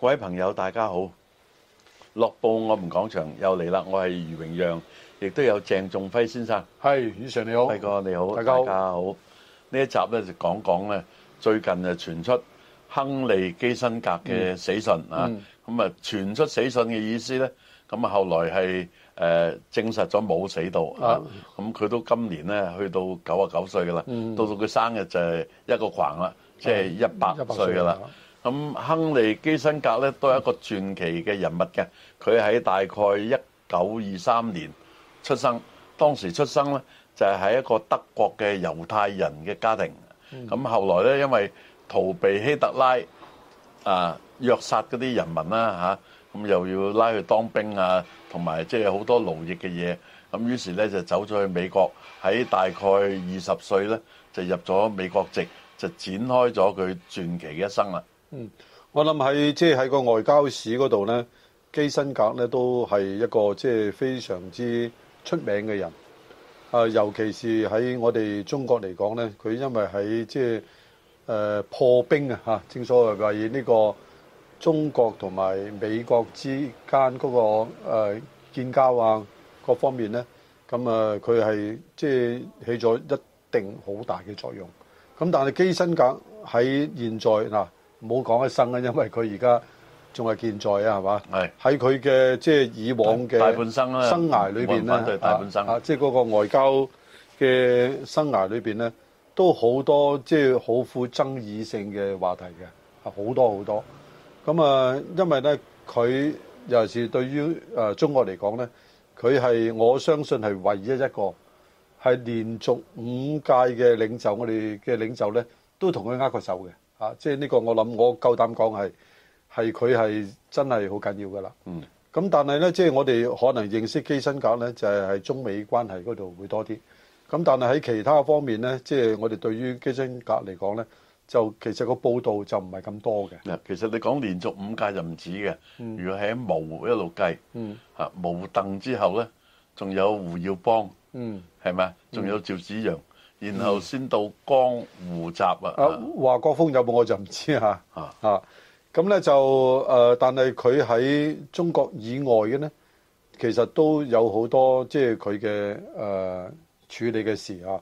各位朋友，大家好！樂報我們講場又嚟啦，我係余榮讓，亦都有鄭仲輝先生。係，讓生你好。輝哥你好，大家好。呢一集咧就講講咧，最近就傳出亨利基辛格嘅死訊啊。咁、嗯、啊，傳、嗯、出死訊嘅意思咧，咁啊後來係誒證實咗冇死到啊。咁、嗯、佢都今年咧去到九啊九歲噶啦。到到佢生日就一個狂啦，即係一百歲噶啦。嗯咁亨利基辛格咧都係一個傳奇嘅人物嘅，佢喺大概一九二三年出生，當時出生咧就係喺一個德國嘅猶太人嘅家庭。咁後來咧因為逃避希特拉啊虐殺嗰啲人民啦吓，咁又要拉去當兵啊，同埋即係好多奴役嘅嘢，咁於是咧就走咗去美國，喺大概二十歲咧就入咗美國籍，就展開咗佢傳奇嘅一生啦。嗯，我諗喺即係喺個外交史嗰度咧，基辛格咧都係一個即係、就是、非常之出名嘅人啊。尤其是喺我哋中國嚟講咧，佢因為喺即係誒破冰啊吓，正所謂呢個中國同埋美國之間嗰、那個誒、啊、建交啊各方面咧，咁啊佢係即係起咗一定好大嘅作用。咁、啊、但係基辛格喺現在嗱。啊冇講一生啊，因為佢而家仲係健在啊，係嘛？係喺佢嘅即係以往嘅生涯裏邊咧，啊，即係嗰個外交嘅生涯裏面咧，都好多即係好富爭議性嘅話題嘅，好多好多。咁啊，因為咧，佢尤其是對於、呃、中國嚟講咧，佢係我相信係唯一一個係連續五屆嘅領袖，我哋嘅領袖咧都同佢握過手嘅。啊！即係呢個，我諗我夠膽講係，係佢係真係好緊要噶啦。嗯。咁但係咧，即係我哋可能認識基辛格咧，就係喺中美關係嗰度會多啲。咁但係喺其他方面咧，即係我哋對於基辛格嚟講咧，就其實個報道就唔係咁多嘅。嗱，其實你講連續五屆任子嘅，如果喺毛一路計，嚇毛鄧之後咧，仲有胡耀邦，係咪？仲有趙紫陽。然後先到江湖集啊、嗯、啊！華國鋒有冇我就唔知嚇、啊。啊，咁、啊、咧、嗯、就誒、呃，但係佢喺中國以外嘅咧，其實都有好多即係佢嘅誒處理嘅事啊。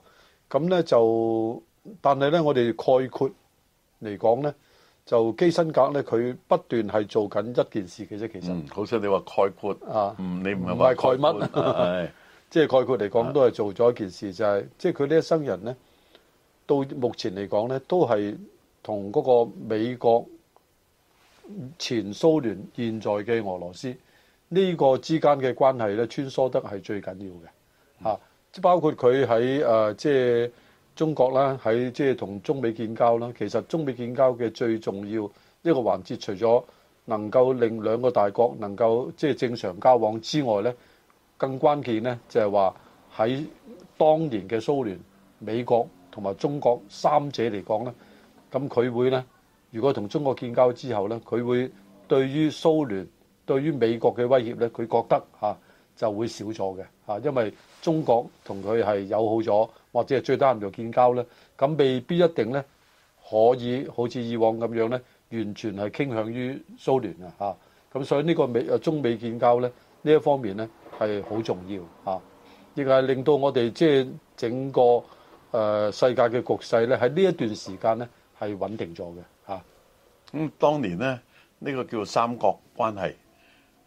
咁、嗯、咧就，但係咧我哋概括嚟講咧，就基辛格咧佢不斷係做緊一件事嘅啫。其實，嗯、好似你話概括啊，你唔係話概括。啊嗯 即係概括嚟講，都係做咗一件事，就係即係佢呢一生人咧，到目前嚟講咧，都係同嗰個美國、前蘇聯、現在嘅俄羅斯呢個之間嘅關係咧，穿梭得係最緊要嘅嚇。即係包括佢喺誒即係中國啦，喺即係同中美建交啦。其實中美建交嘅最重要一個環節，除咗能夠令兩個大國能夠即係、就是、正常交往之外咧。更關鍵呢，就係話喺當年嘅蘇聯、美國同埋中國三者嚟講呢，咁佢會呢。如果同中國建交之後呢，佢會對於蘇聯對於美國嘅威脅呢，佢覺得、啊、就會少咗嘅嚇，因為中國同佢係友好咗，或者係最低限度建交呢，咁未必一定呢可以好似以往咁樣呢，完全係傾向於蘇聯嘅嚇。咁所以呢個美啊中美建交呢，呢一方面呢。係好重要嚇，亦係令到我哋即係整個誒世界嘅局勢咧，喺呢一段時間咧係穩定咗嘅嚇。咁當年咧，呢、呢個叫三角關係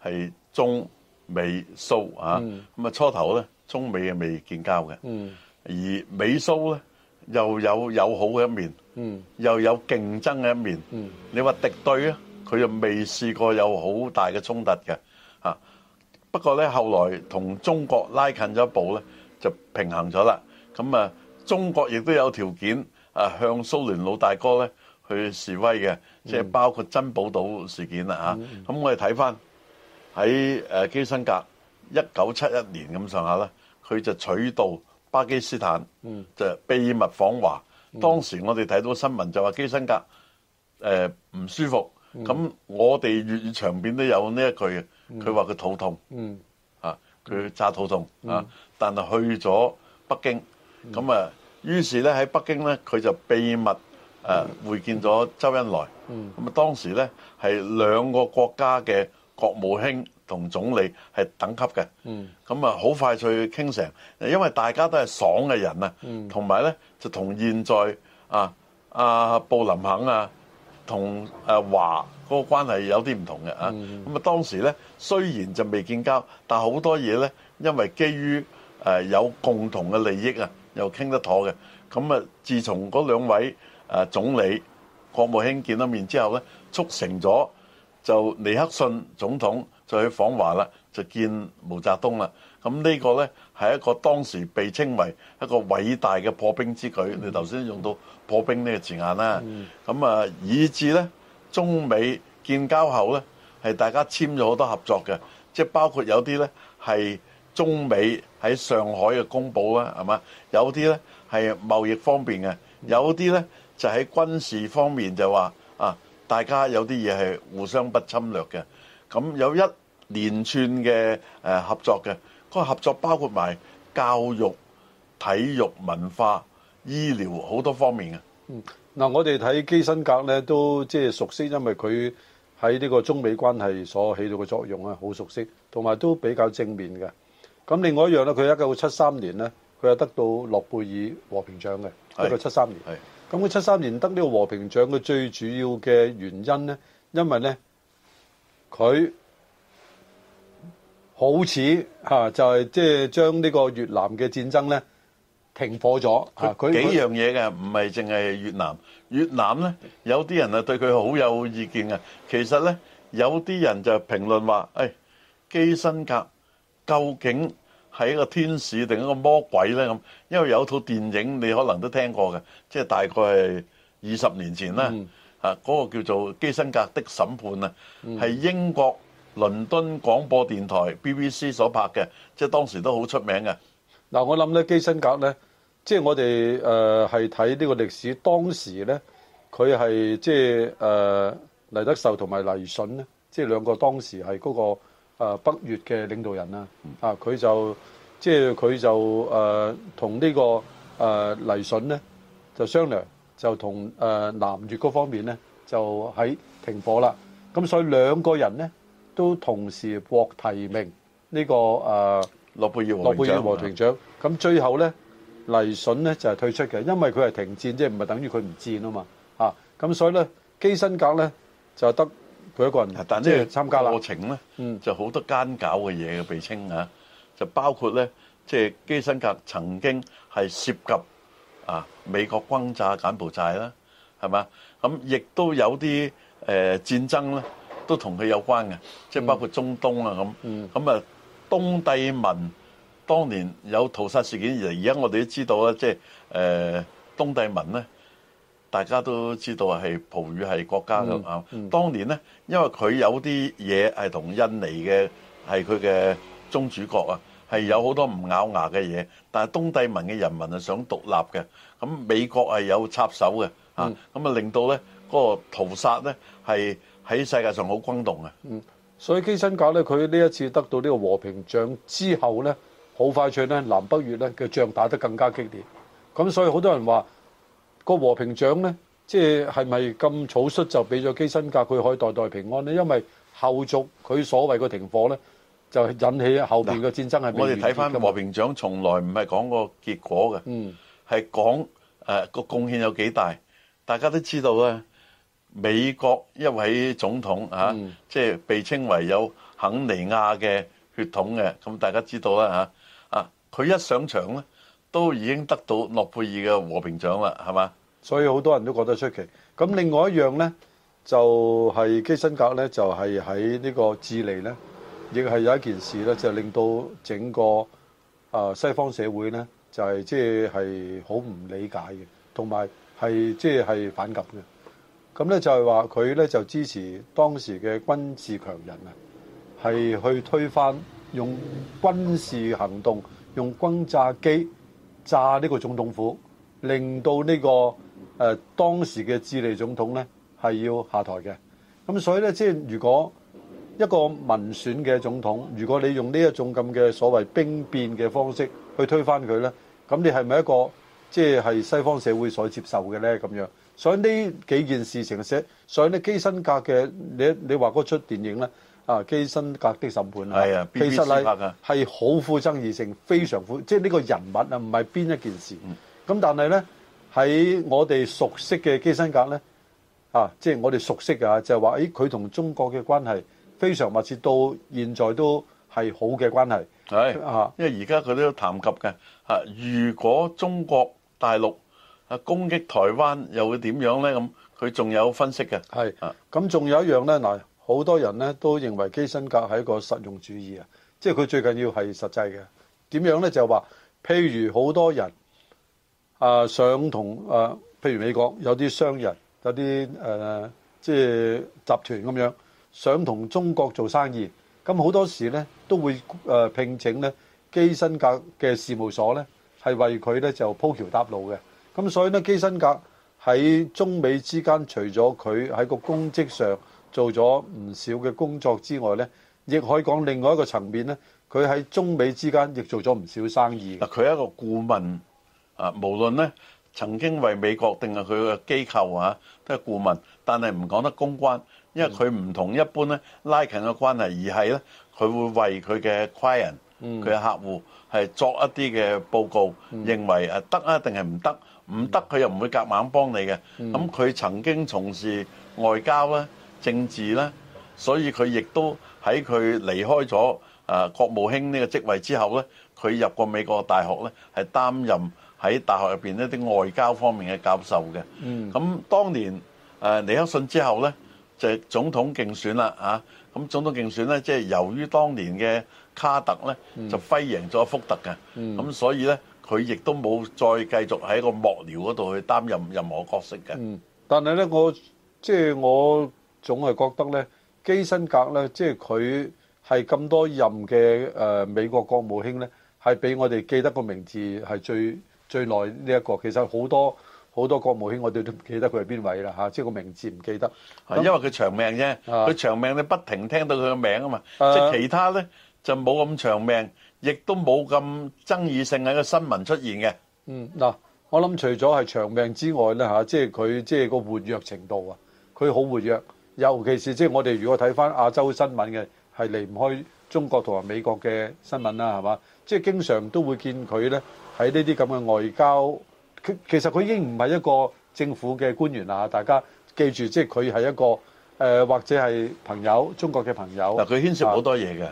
係中美蘇啊，咁、嗯、啊初頭咧，中美係未建交嘅，嗯，而美蘇咧又有友好嘅一面，嗯，又有競爭嘅一面，嗯，你話敵對咧，佢又未試過有好大嘅衝突嘅。不過咧，後來同中國拉近咗一步咧，就平衡咗啦。咁啊，中國亦都有條件啊，向蘇聯老大哥咧去示威嘅，即係包括珍寶島事件啦嚇。咁我哋睇翻喺基辛格一九七一年咁上下咧，佢就取道巴基斯坦，就秘密訪華。當時我哋睇到新聞就話基辛格誒唔舒服，咁我哋粵語長片都有呢一句。佢話佢肚痛，啊，佢炸肚痛啊！但係去咗北京，咁啊，於是咧喺北京咧，佢就秘密誒會見咗周恩來。咁啊，當時咧係兩個國家嘅國務卿同總理係等級嘅，咁啊好快脆傾成，因為大家都係爽嘅人啊，同埋咧就同現在啊啊布林肯啊。同誒華嗰個關係有啲唔同嘅啊，咁啊當時呢，雖然就未建交，但好多嘢呢，因為基於、呃、有共同嘅利益啊，又傾得妥嘅，咁啊，自從嗰兩位誒、呃、總理國務卿見到面之後呢，促成咗就尼克遜總統就去訪華啦，就見毛澤東啦，咁、啊、呢、呢個呢。係一個當時被稱為一個偉大嘅破冰之舉。你頭先用到破冰呢個字眼啦，咁、嗯、啊，以致呢中美建交後呢，係大家簽咗好多合作嘅，即係包括有啲呢係中美喺上海嘅公佈啦，係嘛？有啲呢係貿易方面嘅，有啲呢就喺軍事方面就話啊，大家有啲嘢係互相不侵略嘅，咁有一連串嘅誒合作嘅。個合作包括埋教育、體育、文化、醫療好多方面嘅。嗯，嗱，我哋睇基辛格咧都即係熟悉，因為佢喺呢個中美關係所起到嘅作用啊，好熟悉，同埋都比較正面嘅。咁另外一樣咧，佢一九七三年咧，佢係得到諾貝爾和平獎嘅，一九七三年。係。咁佢七三年得呢個和平獎嘅最主要嘅原因咧，因為咧佢，他好似嚇就係即係將呢個越南嘅戰爭咧停火咗。佢幾樣嘢嘅，唔係淨係越南。越南咧有啲人啊對佢好有意見嘅。其實咧有啲人就評論話，誒、哎、基辛格究竟係一個天使定一個魔鬼咧？咁因為有套電影你可能都聽過嘅，即係大概係二十年前啦。嚇、嗯、嗰個叫做《基辛格的審判》啊，係英國。倫敦廣播電台 BBC 所拍嘅，即係當時都好出名嘅。嗱，我諗咧基辛格咧，即係我哋誒係睇呢個歷史當時咧，佢係即係誒黎德壽同埋黎筍咧，即係兩個當時係嗰個誒北越嘅領導人啦。啊，佢就即係佢就誒同呢個誒黎筍咧，就商量就同誒南越嗰方面咧，就喺停火啦。咁所以兩個人咧。都同時獲提名呢、這個誒、啊、諾貝爾和平獎。咁最後咧，黎錦咧就係、是、退出嘅，因為佢係停戰，即係唔係等於佢唔戰啊嘛。咁、啊、所以咧，基辛格咧就得佢一個人即係、就是、參加啦。過程咧，嗯，就好多奸搞嘅嘢嘅被稱啊，就包括咧，即、就、係、是、基辛格曾經係涉及啊美國轟炸柬、柬埔寨啦，係嘛？咁亦都有啲、呃、戰爭啦。都同佢有關嘅，即係包括中東啊咁。咁、嗯、啊，東帝汶當年有屠殺事件，而家我哋都知道啦，即係誒、呃、東帝汶咧，大家都知道係葡語係國家咁啊、嗯嗯。當年咧，因為佢有啲嘢係同印尼嘅係佢嘅宗主國啊，係有好多唔咬牙嘅嘢。但係東帝汶嘅人民係想獨立嘅。咁美國係有插手嘅、嗯、啊，咁啊令到咧嗰、那個屠殺咧係，喺世界上好轟動嘅，嗯，所以基辛格咧，佢呢一次得到呢個和平獎之後咧，好快脆咧，南北越咧嘅仗打得更加激烈，咁所以好多人話個和平獎咧，即係係咪咁草率就俾咗基辛格佢可以代代平安咧？因為後續佢所謂個停火咧，就引起後邊嘅戰爭係、嗯、我哋睇翻個和平獎，從來唔係講個結果嘅，嗯，係講誒、呃、個貢獻有幾大，大家都知道啊。美國一位總統啊，即係被稱為有肯尼亞嘅血統嘅，咁大家知道啦嚇。啊，佢一上場咧，都已經得到諾貝爾嘅和平獎啦，係嘛？所以好多人都覺得出奇。咁另外一樣咧，就係基辛格咧，就係喺呢個智利咧，亦係有一件事咧，就令到整個啊西方社會咧，就係即係好唔理解嘅，同埋係即係反感嘅。咁咧就係話佢咧就支持當時嘅軍事強人啊，係去推翻用軍事行動、用轟炸機炸呢個總統府，令到呢個誒當時嘅智利總統咧係要下台嘅。咁所以咧，即係如果一個民選嘅總統，如果你用呢一種咁嘅所謂兵變嘅方式去推翻佢咧，咁你係咪一個即係係西方社會所接受嘅咧？咁樣？所以呢幾件事情，或者所以呢基辛格嘅你你話嗰出電影咧啊，基辛格的審判，係啊，其實係係好富爭議性，非常富，即係呢個人物啊，唔係邊一件事。咁但係咧喺我哋熟悉嘅基辛格咧啊，即係我哋熟悉嘅就係話，誒佢同中國嘅關係非常密切，到現在都係好嘅關係。係啊，因為而家佢都有談及嘅啊，如果中國大陸攻擊台灣又會點樣呢？咁佢仲有分析嘅，係咁。仲有一樣呢。嗱，好多人呢都認為基辛格係一個實用主義啊，即係佢最緊要係實際嘅點樣呢？就話譬如好多人啊，想同啊，譬如美國有啲商人有啲誒，即、呃、係集團咁樣想同中國做生意，咁好多時呢都會誒聘請咧基辛格嘅事務所呢係為佢呢就鋪橋搭路嘅。咁所以呢，基辛格喺中美之間，除咗佢喺個公職上做咗唔少嘅工作之外呢，亦可以講另外一個層面呢，佢喺中美之間亦做咗唔少生意。佢係一個顧問啊，無論呢曾經為美國定係佢個機構啊，都係顧問，但係唔講得公關，因為佢唔同一般呢拉近嘅關係，嗯、而係呢，佢會為佢嘅 client，佢、嗯、嘅客戶係作一啲嘅報告，嗯、認為誒得啊定係唔得？唔得，佢又唔會夾硬幫你嘅。咁佢曾經從事外交咧、政治咧，所以佢亦都喺佢離開咗啊國務卿呢個職位之後咧，佢入過美國嘅大學咧，係擔任喺大學入邊呢啲外交方面嘅教授嘅。咁當年啊尼克遜之後咧，就總統競選啦嚇。咁總統競選咧，即係由於當年嘅卡特咧就輝贏咗福特嘅，咁所以咧。佢亦都冇再繼續喺個幕僚嗰度去擔任任何角色嘅。嗯，但係咧，我即係我總係覺得咧，基辛格咧，即係佢係咁多任嘅誒美國國務卿咧，係俾我哋記得個名字係最最耐呢一個。其實好多好多國務卿我哋都唔記得佢係邊位啦嚇，即係個名字唔記得，因為佢長命啫，佢長命你不停聽到佢個名啊嘛。即係其他咧，就冇咁長命，亦都冇咁爭議性喺個新聞出現嘅。嗯，嗱，我諗除咗係長命之外咧吓，即係佢即係個活躍程度啊，佢好活躍。尤其是即係我哋如果睇翻亞洲新聞嘅，係離唔開中國同埋美國嘅新聞啦，係嘛？即係經常都會見佢咧喺呢啲咁嘅外交。佢其實佢已經唔係一個政府嘅官員啦，大家記住，即係佢係一個誒、呃、或者係朋友，中國嘅朋友。嗱，佢牽涉好多嘢嘅。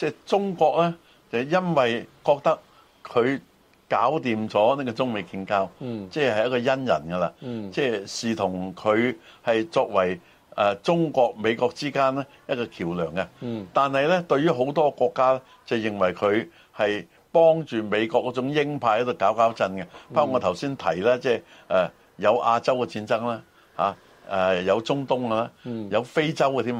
即係中國咧，就因為覺得佢搞掂咗呢個中美建交，即係係一個恩人噶啦，即、嗯、係、視同佢係作為誒中國美國之間咧一個橋梁嘅、嗯。但係咧，對於好多國家咧，就認為佢係幫住美國嗰種鷹派喺度搞搞震嘅。包括我頭先提啦，即係誒有亞洲嘅戰爭啦，嚇誒有中東啦、嗯，有非洲嘅添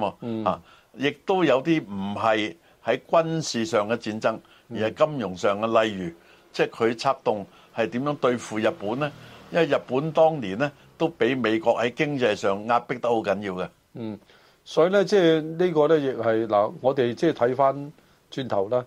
啊，亦、嗯、都有啲唔係，喺軍事上嘅戰爭，而係金融上嘅，例如、嗯、即係佢策動係點樣對付日本呢？因為日本當年呢，都俾美國喺經濟上壓迫得好緊要嘅。嗯，所以呢，即係呢個呢，亦係嗱，我哋即係睇翻轉頭啦。誒、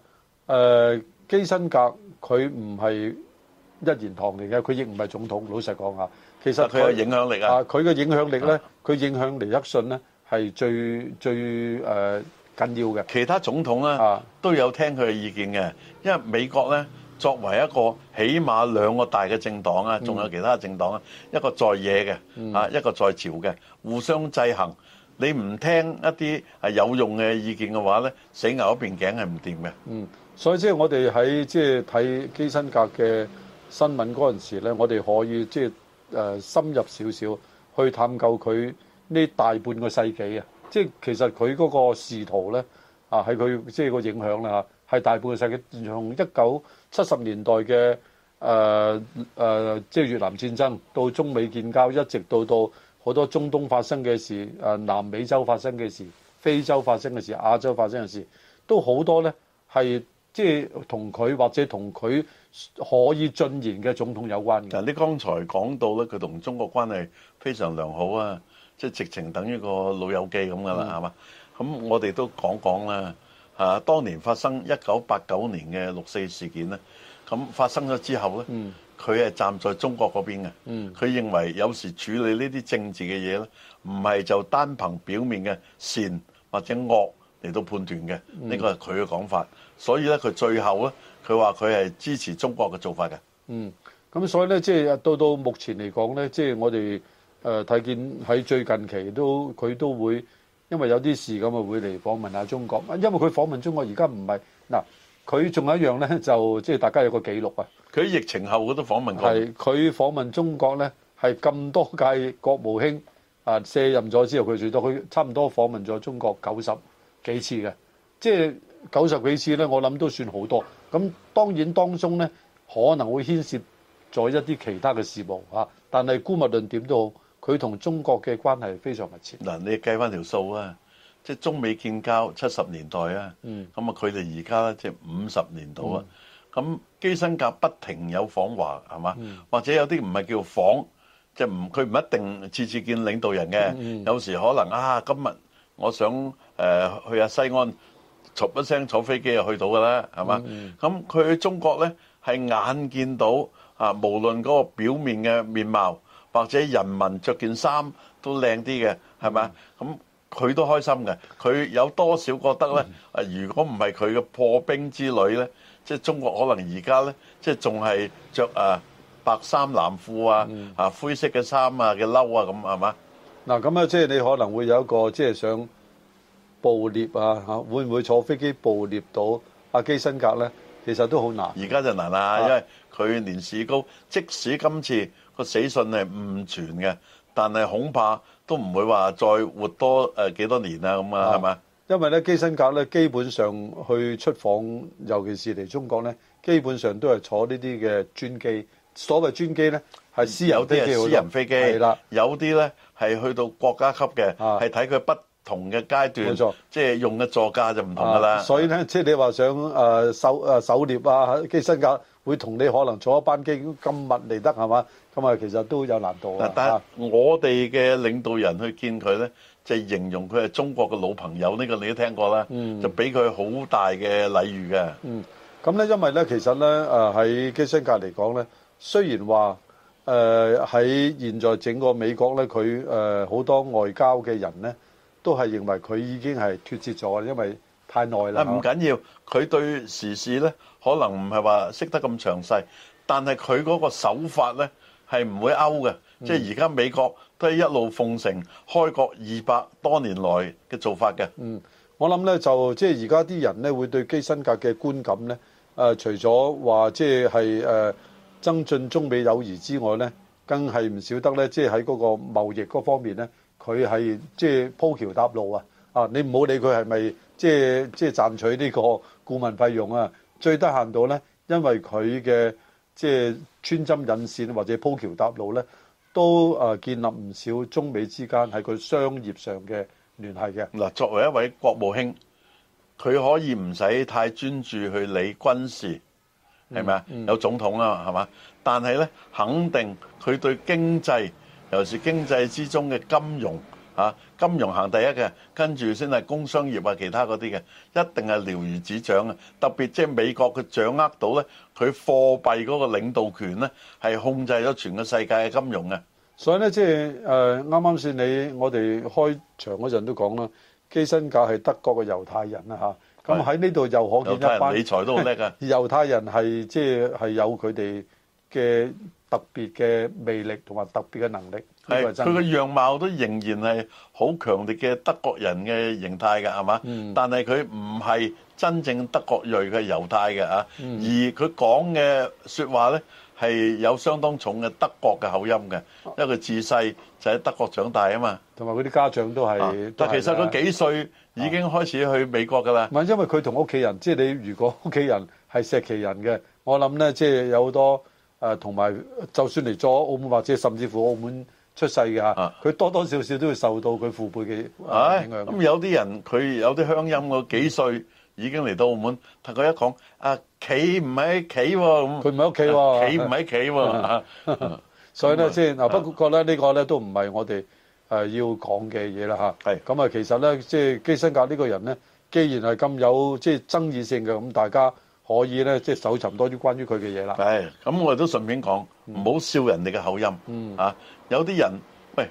呃，基辛格佢唔係一言堂嚟嘅，佢亦唔係總統。老實講下，其實佢有影響力啊，啊，佢嘅影響力呢，佢、啊、影響尼克遜呢，係最最誒。呃緊要嘅，其他總統咧都有聽佢嘅意見嘅，因為美國咧作為一個起碼兩個大嘅政黨啊，仲有其他政黨啊，一個在野嘅，啊，一個在朝嘅，互相制衡。你唔聽一啲係有用嘅意見嘅話咧，死牛一邊頸係唔掂嘅。嗯，所以即係我哋喺即係睇基辛格嘅新聞嗰陣時咧，我哋可以即係誒深入少少去探究佢呢大半個世紀啊。即係其實佢嗰個仕途咧，啊係佢即係個影響啦嚇，係大半世紀，從一九七十年代嘅誒誒，即係越南戰爭到中美建交，一直到到好多中東發生嘅事、誒南美洲發生嘅事、非洲發生嘅事、亞洲發生嘅事，都好多咧係即係同佢或者同佢可以進言嘅總統有關嘅。嗱，你剛才講到咧，佢同中國關係非常良好啊。即係直情等於個老友記咁嘅啦，係、嗯、嘛？咁我哋都講講啦、啊、嚇、啊。當年發生一九八九年嘅六四事件咧，咁、啊、發生咗之後咧，佢、嗯、係站在中國嗰邊嘅。佢、嗯、認為有時處理呢啲政治嘅嘢咧，唔係就單憑表面嘅善或者惡嚟到判斷嘅。呢、嗯呢個係佢嘅講法。所以咧，佢最後咧，佢話佢係支持中國嘅做法嘅。嗯。咁所以咧，即、就、係、是、到到目前嚟講咧，即、就、係、是、我哋。誒、呃、睇見喺最近期都佢都會，因為有啲事咁啊，會嚟訪問下中國。因為佢訪問中國而家唔係嗱，佢仲有一樣呢，就即係大家有個記錄啊。佢喺疫情後佢都訪問過。係佢訪問中國呢，係咁多屆國務卿啊卸任咗之後，佢最多佢差唔多訪問咗中國九十幾次嘅，即係九十幾次呢。我諗都算好多。咁當然當中呢，可能會牽涉咗一啲其他嘅事務嚇、啊，但係姑勿論點都好。佢同中國嘅關係非常密切。嗱，你計翻條數啊，即係中美建交七十年代啊，咁啊，佢哋而家咧即係五十年度啊，咁基辛格不停有訪華，係嘛？或者有啲唔係叫訪，即係唔佢唔一定次次見領導人嘅，有時可能啊，今日我想誒去下西安，唰一聲坐飛機就去到㗎啦，係嘛？咁佢去中國咧係眼見到啊，無論嗰個表面嘅面貌。或者人民著件衫都靚啲嘅，係咪？咁佢都開心嘅。佢有多少覺得咧？啊，如果唔係佢嘅破冰之旅咧，即係中國可能而家咧，即係仲係著啊白衫藍褲啊，啊灰色嘅衫啊嘅褸啊咁係嘛？嗱咁啊，即係你可能會有一個即係想捕獵啊嚇，會唔會坐飛機捕獵到阿基辛格咧？其實都好難。而家就難啦，因為佢年事高，即使今次。個死訊係唔全嘅，但係恐怕都唔會話再活多誒幾多年啦咁啊，係嘛？因為咧，基辛格咧，基本上去出訪，尤其是嚟中國咧，基本上都係坐呢啲嘅專機。所謂專機咧，係私有的私人飛機，係啦。有啲咧係去到國家級嘅，係睇佢不同嘅階段，即係用嘅座駕就唔同噶啦。所以咧，即係你話想誒狩誒狩獵啊，基辛格。會同你可能坐一班機咁密嚟得係嘛？咁啊，其實都有難度啊。但係我哋嘅領導人去見佢呢，就形容佢係中國嘅老朋友。呢個你都聽過啦，就俾佢好大嘅禮遇嘅。嗯，咁呢，因為呢，其實呢，誒喺基辛格嚟講呢，雖然話誒喺現在整個美國呢，佢誒好多外交嘅人呢，都係認為佢已經係脫節咗，因為，太耐啦！啊，唔緊要，佢對時事咧，可能唔係話識得咁詳細，但係佢嗰個手法咧係唔會勾嘅。即係而家美國都係一路奉承開國二百多年來嘅做法嘅。嗯，我諗咧就即係而家啲人咧會對基辛格嘅觀感咧，誒除咗話即係誒增進中美友誼之外咧，更係唔少得咧，即係喺嗰個貿易嗰方面咧，佢係即係鋪橋搭路啊！啊，你唔好理佢係咪。即係即係賺取呢個顧問費用啊！最低限度咧，因為佢嘅即係穿針引線或者鋪橋搭路咧，都啊建立唔少中美之間喺佢商業上嘅聯繫嘅。嗱，作為一位國務卿，佢可以唔使太專注去理軍事，係咪啊？有總統啊嘛，係嘛？但係咧，肯定佢對經濟，尤其是經濟之中嘅金融。嚇，金融行第一嘅，跟住先係工商業啊，其他嗰啲嘅，一定係瞭如指掌啊！特別即係美國佢掌握到咧，佢貨幣嗰個領導權咧，係控制咗全個世界嘅金融嘅。所以咧、就是，即係誒啱啱先你我哋開場嗰陣都講啦，基辛格係德國嘅猶太人啦嚇。咁喺呢度又可見一班猶太人理財都好叻啊！ 猶太人係即係有佢哋。嘅特別嘅魅力同埋特別嘅能力係佢嘅樣貌都仍然係好強烈嘅德國人嘅形態㗎，係嘛？但係佢唔係真正德國裔嘅猶太嘅啊，而佢講嘅説話咧係有相當重嘅德國嘅口音嘅，因為佢自細就喺德國長大啊嘛。同埋佢啲家長都係，但其實佢幾歲已經開始去美國㗎啦？唔係，因為佢同屋企人，即係你如果屋企人係石岐人嘅，我諗咧，即係有好多。誒同埋，就算嚟咗澳門或者甚至乎澳門出世嘅嚇佢多多少少都會受到佢父輩嘅影響。咁、啊、有啲人佢有啲鄉音喎，幾歲已經嚟到澳門，同佢一講啊，企唔喺企喎咁。佢唔喺屋企喎，企唔喺企喎。所以咧先嗱，不過咧呢、這個呢個咧都唔係我哋誒要講嘅嘢啦嚇係咁啊，其實咧即係基辛格呢個人咧，既然係咁有即係、就是、爭議性嘅，咁大家。可以咧，即、就、係、是、搜尋多啲關於佢嘅嘢啦。係，咁我哋都順便講，唔、嗯、好笑人哋嘅口音。嗯，啊，有啲人，喂，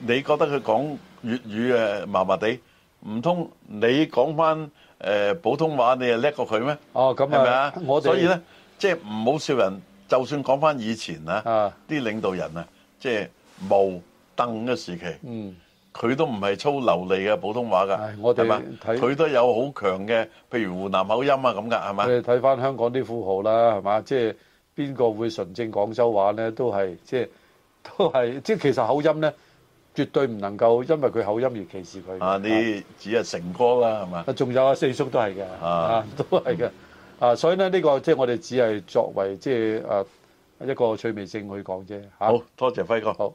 你覺得佢講粵語麻麻地，唔通你講翻誒、呃、普通話，你又叻過佢咩？哦，咁啊，係咪啊？我哋所以咧，即係唔好笑人。就算講翻以前啊，啲領導人啊，即係毛、鄧嘅時期。嗯。佢都唔係粗流利嘅普通話㗎，係嘛？佢都有好強嘅，譬如湖南口音啊咁㗎，係嘛？你睇翻香港啲富豪啦，係嘛？即係邊個會純正廣州話咧？都係即係都係即係其實口音咧，絕對唔能夠因為佢口音而歧視佢。啊，你指阿成哥啦，係嘛？仲有啊，四叔都係嘅，啊，啊都係嘅，嗯，啊，所以咧、這、呢個即係、就是、我哋只係作為即係誒一個趣味性去講啫。好，多謝，謝輝哥。好。